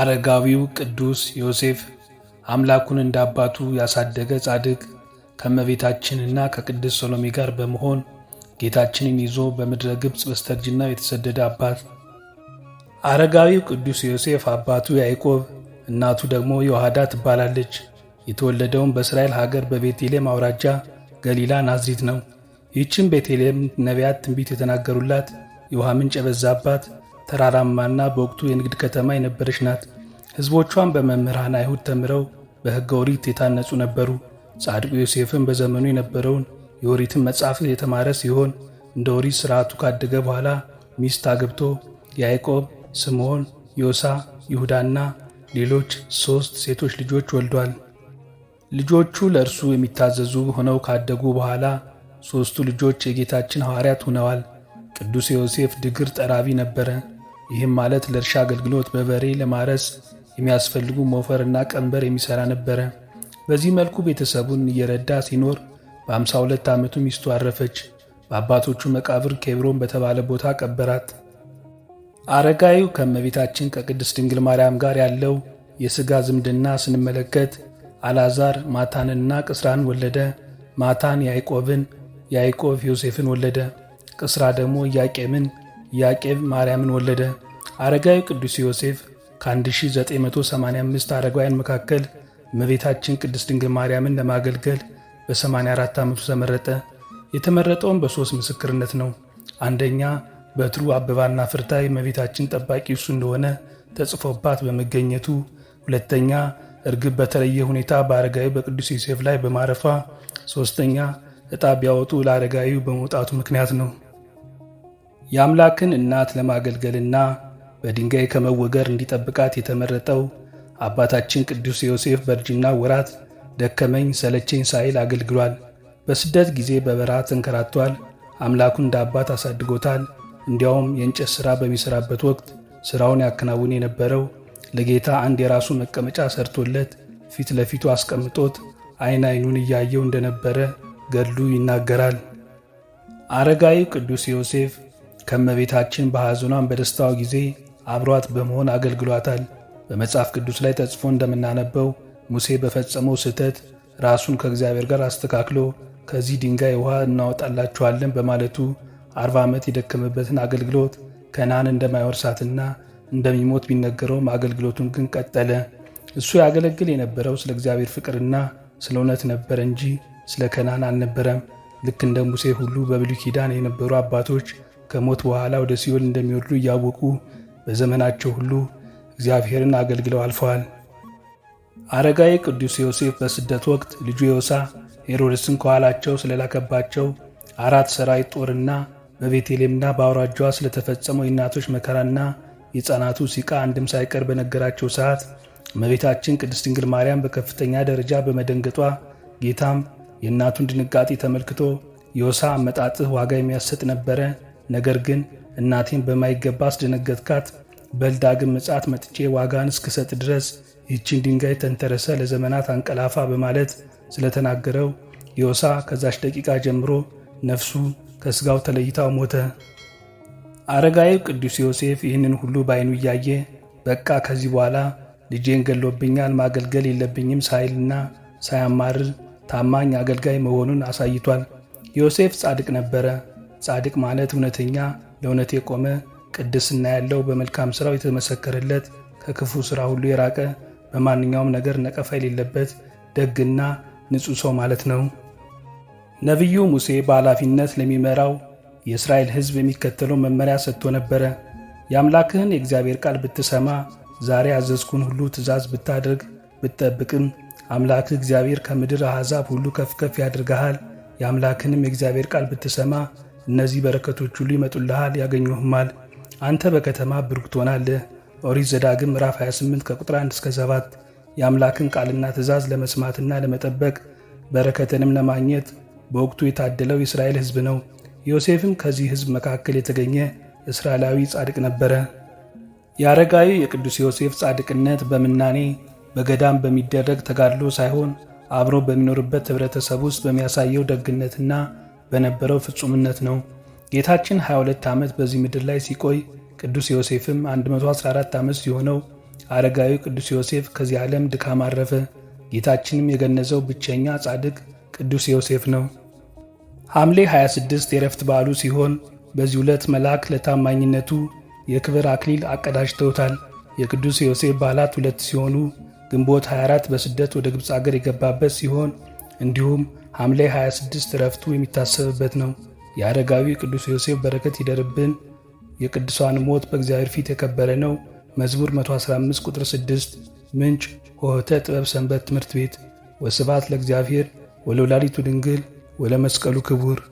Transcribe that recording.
አረጋዊው ቅዱስ ዮሴፍ አምላኩን እንደ አባቱ ያሳደገ ጻድቅ ከእመቤታችንና ከቅድስት ሰሎሜ ጋር በመሆን ጌታችንን ይዞ በምድረ ግብፅ በስተርጅና የተሰደደ አባት። አረጋዊው ቅዱስ ዮሴፍ አባቱ ያዕቆብ፣ እናቱ ደግሞ የውሃዳ ትባላለች። የተወለደውም በእስራኤል ሀገር በቤቴሌም አውራጃ ገሊላ ናዝሪት ነው። ይህችም ቤቴሌም ነቢያት ትንቢት የተናገሩላት የውሃ ምንጭ የበዛባት ተራራማና በወቅቱ የንግድ ከተማ የነበረች ናት። ሕዝቦቿን በመምህራን አይሁድ ተምረው በሕገ ኦሪት የታነጹ ነበሩ። ጻድቁ ዮሴፍን በዘመኑ የነበረውን የኦሪትን መጽሐፍ የተማረ ሲሆን እንደ ኦሪት ሥርዓቱ ካደገ በኋላ ሚስት አግብቶ ያዕቆብ፣ ስምዖን፣ ዮሳ፣ ይሁዳና ሌሎች ሦስት ሴቶች ልጆች ወልዷል። ልጆቹ ለእርሱ የሚታዘዙ ሆነው ካደጉ በኋላ ሦስቱ ልጆች የጌታችን ሐዋርያት ሆነዋል። ቅዱስ ዮሴፍ ድግር ጠራቢ ነበረ። ይህም ማለት ለእርሻ አገልግሎት በበሬ ለማረስ የሚያስፈልጉ ሞፈርና ቀንበር የሚሠራ ነበረ። በዚህ መልኩ ቤተሰቡን እየረዳ ሲኖር በ52 ዓመቱ ሚስቱ አረፈች። በአባቶቹ መቃብር ኬብሮን በተባለ ቦታ ቀበራት። አረጋዩ ከእመቤታችን ከቅድስት ድንግል ማርያም ጋር ያለው የሥጋ ዝምድና ስንመለከት አልዓዛር ማታንና ቅስራን ወለደ። ማታን ያዕቆብን፣ ያዕቆብ ዮሴፍን ወለደ። ቅስራ ደግሞ ኢያቄምን፣ ያቄብ ማርያምን ወለደ። አረጋዊ ቅዱስ ዮሴፍ ከ1985 አረጋውያን መካከል እመቤታችን ቅድስት ድንግል ማርያምን ለማገልገል በ84 ዓመቱ ተመረጠ። የተመረጠውን በሦስት ምስክርነት ነው። አንደኛ በትሩ አበባና ፍርታ የእመቤታችን ጠባቂ እሱ እንደሆነ ተጽፎባት በመገኘቱ፣ ሁለተኛ እርግብ በተለየ ሁኔታ በአረጋዊ በቅዱስ ዮሴፍ ላይ በማረፏ፣ ሦስተኛ ዕጣ ቢያወጡ ለአረጋዊው በመውጣቱ ምክንያት ነው። የአምላክን እናት ለማገልገልና በድንጋይ ከመወገር እንዲጠብቃት የተመረጠው አባታችን ቅዱስ ዮሴፍ በእርጅና ወራት ደከመኝ ሰለቸኝ ሳይል አገልግሏል። በስደት ጊዜ በበረሃ ተንከራቷል። አምላኩን እንደ አባት አሳድጎታል። እንዲያውም የእንጨት ሥራ በሚሠራበት ወቅት ሥራውን ያከናውን የነበረው ለጌታ አንድ የራሱ መቀመጫ ሰርቶለት ፊት ለፊቱ አስቀምጦት ዐይን ዐይኑን እያየው እንደነበረ ገድሉ ይናገራል። አረጋዊው ቅዱስ ዮሴፍ ከመቤታችን በሐዘኗም በደስታው ጊዜ አብሯት በመሆን አገልግሏታል። በመጽሐፍ ቅዱስ ላይ ተጽፎ እንደምናነበው ሙሴ በፈጸመው ስህተት ራሱን ከእግዚአብሔር ጋር አስተካክሎ ከዚህ ድንጋይ ውሃ እናወጣላችኋለን በማለቱ አርባ ዓመት የደከመበትን አገልግሎት ከናን እንደማይወርሳትና እንደሚሞት ቢነገረውም አገልግሎቱን ግን ቀጠለ። እሱ ያገለግል የነበረው ስለ እግዚአብሔር ፍቅርና ስለ እውነት ነበር እንጂ ስለ ከናን አልነበረም። ልክ እንደ ሙሴ ሁሉ በብሉይ ኪዳን የነበሩ አባቶች ከሞት በኋላ ወደ ሲኦል እንደሚወርዱ እያወቁ በዘመናቸው ሁሉ እግዚአብሔርን አገልግለው አልፈዋል። አረጋዊ ቅዱስ ዮሴፍ በስደት ወቅት ልጁ ዮሳ ሄሮድስን ከኋላቸው ስለላከባቸው አራት ሰራዊት ጦርና በቤቴሌምና በአውራጇ ስለተፈጸመው የእናቶች መከራና የሕፃናቱ ሲቃ አንድም ሳይቀር በነገራቸው ሰዓት እመቤታችን ቅድስት ድንግል ማርያም በከፍተኛ ደረጃ በመደንገጧ ጌታም የእናቱን ድንጋጤ ተመልክቶ ዮሳ አመጣጥህ ዋጋ የሚያሰጥ ነበረ ነገር ግን እናቴን በማይገባ አስደነገጥካት። በልዳግም ምጻት ምጽአት መጥቼ ዋጋን እስክሰጥ ድረስ ይህችን ድንጋይ ተንተረሰ ለዘመናት አንቀላፋ በማለት ስለተናገረው ዮሳ ከዛች ደቂቃ ጀምሮ ነፍሱ ከስጋው ተለይታው ሞተ። አረጋዊው ቅዱስ ዮሴፍ ይህንን ሁሉ በአይኑ እያየ በቃ ከዚህ በኋላ ልጄን ገሎብኛል ማገልገል የለብኝም ሳይልና ሳያማርር ታማኝ አገልጋይ መሆኑን አሳይቷል። ዮሴፍ ጻድቅ ነበረ። ጻድቅ ማለት እውነተኛ፣ ለእውነት የቆመ ቅድስና ያለው፣ በመልካም ሥራው የተመሰከረለት፣ ከክፉ ሥራ ሁሉ የራቀ፣ በማንኛውም ነገር ነቀፋ የሌለበት ደግና ንጹሕ ሰው ማለት ነው። ነቢዩ ሙሴ በኃላፊነት ለሚመራው የእስራኤል ሕዝብ የሚከተለው መመሪያ ሰጥቶ ነበረ። የአምላክህን የእግዚአብሔር ቃል ብትሰማ፣ ዛሬ አዘዝኩን ሁሉ ትእዛዝ ብታደርግ ብትጠብቅም፣ አምላክህ እግዚአብሔር ከምድር አሕዛብ ሁሉ ከፍ ከፍ ያደርግሃል። የአምላክንም የእግዚአብሔር ቃል ብትሰማ እነዚህ በረከቶች ሁሉ ይመጡልሃል፣ ያገኙህማል። አንተ በከተማ ብሩክ ትሆናለህ። ኦሪት ዘዳግም ምዕራፍ 28 ከቁጥር 1 እስከ 7 የአምላክን ቃልና ትእዛዝ ለመስማትና ለመጠበቅ በረከትንም ለማግኘት በወቅቱ የታደለው የእስራኤል ሕዝብ ነው። ዮሴፍም ከዚህ ሕዝብ መካከል የተገኘ እስራኤላዊ ጻድቅ ነበረ። የአረጋዊ የቅዱስ ዮሴፍ ጻድቅነት በምናኔ በገዳም በሚደረግ ተጋድሎ ሳይሆን አብሮ በሚኖርበት ኅብረተሰብ ውስጥ በሚያሳየው ደግነትና በነበረው ፍጹምነት ነው። ጌታችን 22 ዓመት በዚህ ምድር ላይ ሲቆይ ቅዱስ ዮሴፍም 114 ዓመት ሲሆነው አረጋዊ ቅዱስ ዮሴፍ ከዚህ ዓለም ድካም አረፈ። ጌታችንም የገነዘው ብቸኛ ጻድቅ ቅዱስ ዮሴፍ ነው። ሐምሌ 26 የረፍት በዓሉ ሲሆን በዚህ ዕለት መልአክ ለታማኝነቱ የክብር አክሊል አቀዳጅተውታል። የቅዱስ ዮሴፍ በዓላት ሁለት ሲሆኑ ግንቦት 24 በስደት ወደ ግብፅ አገር የገባበት ሲሆን እንዲሁም ሐምሌ 26 ረፍቱ የሚታሰብበት ነው። የአረጋዊ ቅዱስ ዮሴፍ በረከት ይደርብን። የቅዱሳን ሞት በእግዚአብሔር ፊት የከበረ ነው። መዝሙር 115 ቁጥር 6። ምንጭ ሆህተ ጥበብ ሰንበት ትምህርት ቤት። ወስብሐት ለእግዚአብሔር ወለወላዲቱ ድንግል ወለመስቀሉ ክቡር